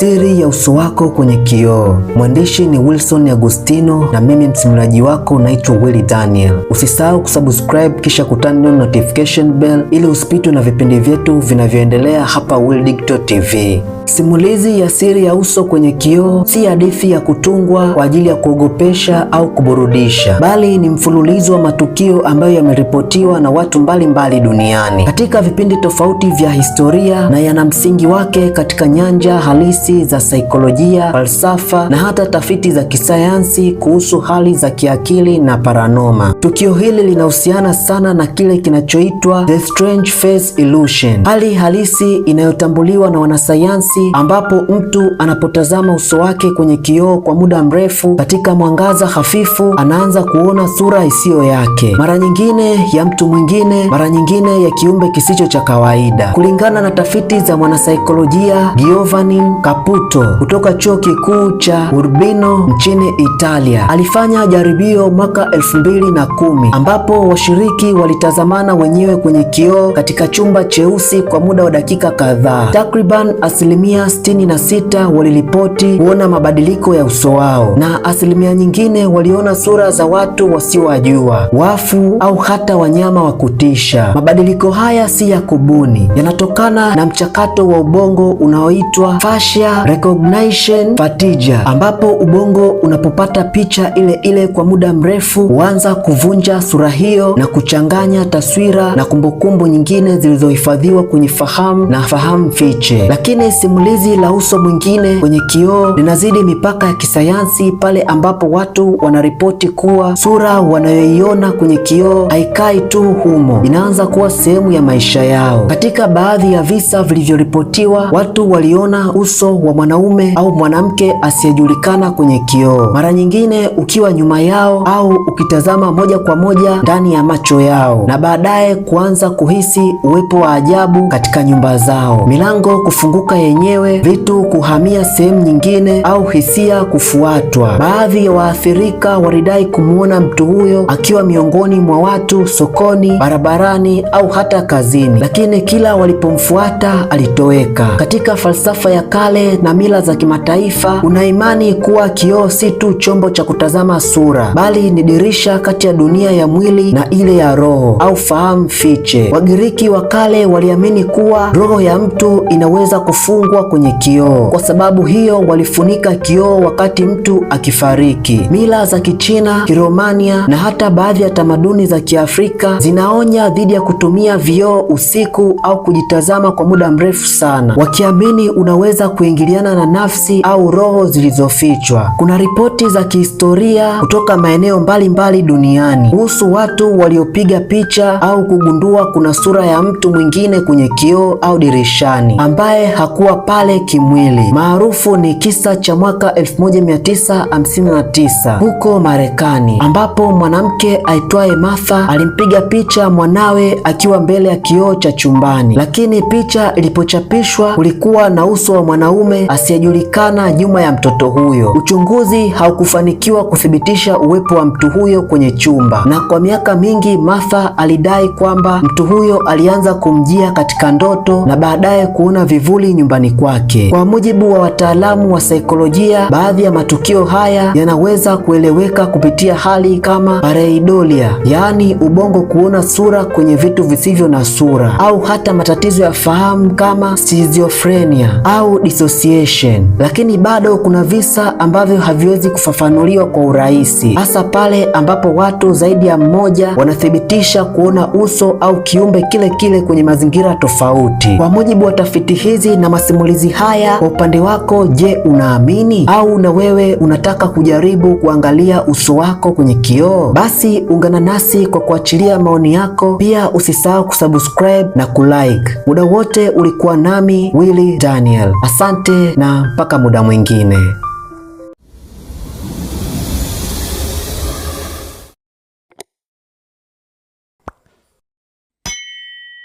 Siri ya uso wako kwenye kioo. Mwandishi ni Wilson Agustino na mimi msimuliaji wako naitwa Willy Daniel. Usisahau kusubscribe kisha kutani notification bell ili usipitwe na vipindi vyetu vinavyoendelea hapa WillyDicto TV. Simulizi ya siri ya uso kwenye kioo si hadithi ya kutungwa kwa ajili ya kuogopesha au kuburudisha, bali ni mfululizo wa matukio ambayo yameripotiwa na watu mbalimbali mbali duniani katika vipindi tofauti vya historia na yana msingi wake katika nyanja halisi sayansi za saikolojia, falsafa na hata tafiti za kisayansi kuhusu hali za kiakili na paranoma. Tukio hili linahusiana sana na kile kinachoitwa the strange face illusion, hali halisi inayotambuliwa na wanasayansi, ambapo mtu anapotazama uso wake kwenye kioo kwa muda mrefu katika mwangaza hafifu, anaanza kuona sura isiyo yake, mara nyingine ya mtu mwingine, mara nyingine ya kiumbe kisicho cha kawaida. Kulingana na tafiti za mwanasaikolojia Giovanni Cap Caputo kutoka chuo kikuu cha Urbino nchini Italia. Alifanya jaribio mwaka elfu na kumi ambapo washiriki walitazamana wenyewe kwenye kioo katika chumba cheusi kwa muda wa dakika kadhaa. Takriban asilimia 66 na sita waliripoti kuona mabadiliko ya uso wao na asilimia nyingine waliona sura za watu wasiowajua, wafu au hata wanyama wa kutisha. Mabadiliko haya si ya kubuni, yanatokana na mchakato wa ubongo unaoitwa fascia ya recognition fatija, ambapo ubongo unapopata picha ile ile kwa muda mrefu huanza kuvunja sura hiyo na kuchanganya taswira na kumbukumbu nyingine zilizohifadhiwa kwenye fahamu na fahamu fiche. Lakini simulizi la uso mwingine kwenye kioo linazidi mipaka ya kisayansi pale ambapo watu wanaripoti kuwa sura wanayoiona kwenye kioo haikai tu humo, inaanza kuwa sehemu ya maisha yao. Katika baadhi ya visa vilivyoripotiwa, watu waliona uso wa mwanaume au mwanamke asiyejulikana kwenye kioo, mara nyingine ukiwa nyuma yao au ukitazama moja kwa moja ndani ya macho yao, na baadaye kuanza kuhisi uwepo wa ajabu katika nyumba zao, milango kufunguka yenyewe, vitu kuhamia sehemu nyingine, au hisia kufuatwa. Baadhi ya waathirika walidai kumwona mtu huyo akiwa miongoni mwa watu sokoni, barabarani au hata kazini, lakini kila walipomfuata alitoweka. Katika falsafa ya kale kale na mila za kimataifa unaimani kuwa kioo si tu chombo cha kutazama sura, bali ni dirisha kati ya dunia ya mwili na ile ya roho au fahamu fiche. Wagiriki wa kale waliamini kuwa roho ya mtu inaweza kufungwa kwenye kioo. Kwa sababu hiyo, walifunika kioo wakati mtu akifariki. Mila za Kichina, Kiromania na hata baadhi ya tamaduni za Kiafrika zinaonya dhidi ya kutumia vioo usiku au kujitazama kwa muda mrefu sana, wakiamini unaweza ku kuingiliana na nafsi au roho zilizofichwa. Kuna ripoti za kihistoria kutoka maeneo mbalimbali duniani kuhusu watu waliopiga picha au kugundua kuna sura ya mtu mwingine kwenye kioo au dirishani ambaye hakuwa pale kimwili. Maarufu ni kisa cha mwaka 1959 huko Marekani, ambapo mwanamke aitwaye Martha alimpiga picha mwanawe akiwa mbele ya kioo cha chumbani, lakini picha ilipochapishwa kulikuwa na uso wa mwanaume mwanaume asiyejulikana nyuma ya mtoto huyo. Uchunguzi haukufanikiwa kuthibitisha uwepo wa mtu huyo kwenye chumba, na kwa miaka mingi Martha alidai kwamba mtu huyo alianza kumjia katika ndoto na baadaye kuona vivuli nyumbani kwake. Kwa mujibu wa wataalamu wa saikolojia, baadhi ya matukio haya yanaweza kueleweka kupitia hali kama pareidolia, yaani ubongo kuona sura kwenye vitu visivyo na sura, au hata matatizo ya fahamu kama schizophrenia au diso Association, lakini bado kuna visa ambavyo haviwezi kufafanuliwa kwa urahisi, hasa pale ambapo watu zaidi ya mmoja wanathibitisha kuona uso au kiumbe kile kile kwenye mazingira tofauti. Kwa mujibu wa tafiti hizi na masimulizi haya, kwa upande wako, je, unaamini au na wewe unataka kujaribu kuangalia uso wako kwenye kioo? Basi ungana nasi kwa kuachilia maoni yako, pia usisahau kusubscribe na kulike. Muda wote ulikuwa nami Willy Daniel, asante asante na mpaka muda mwingine.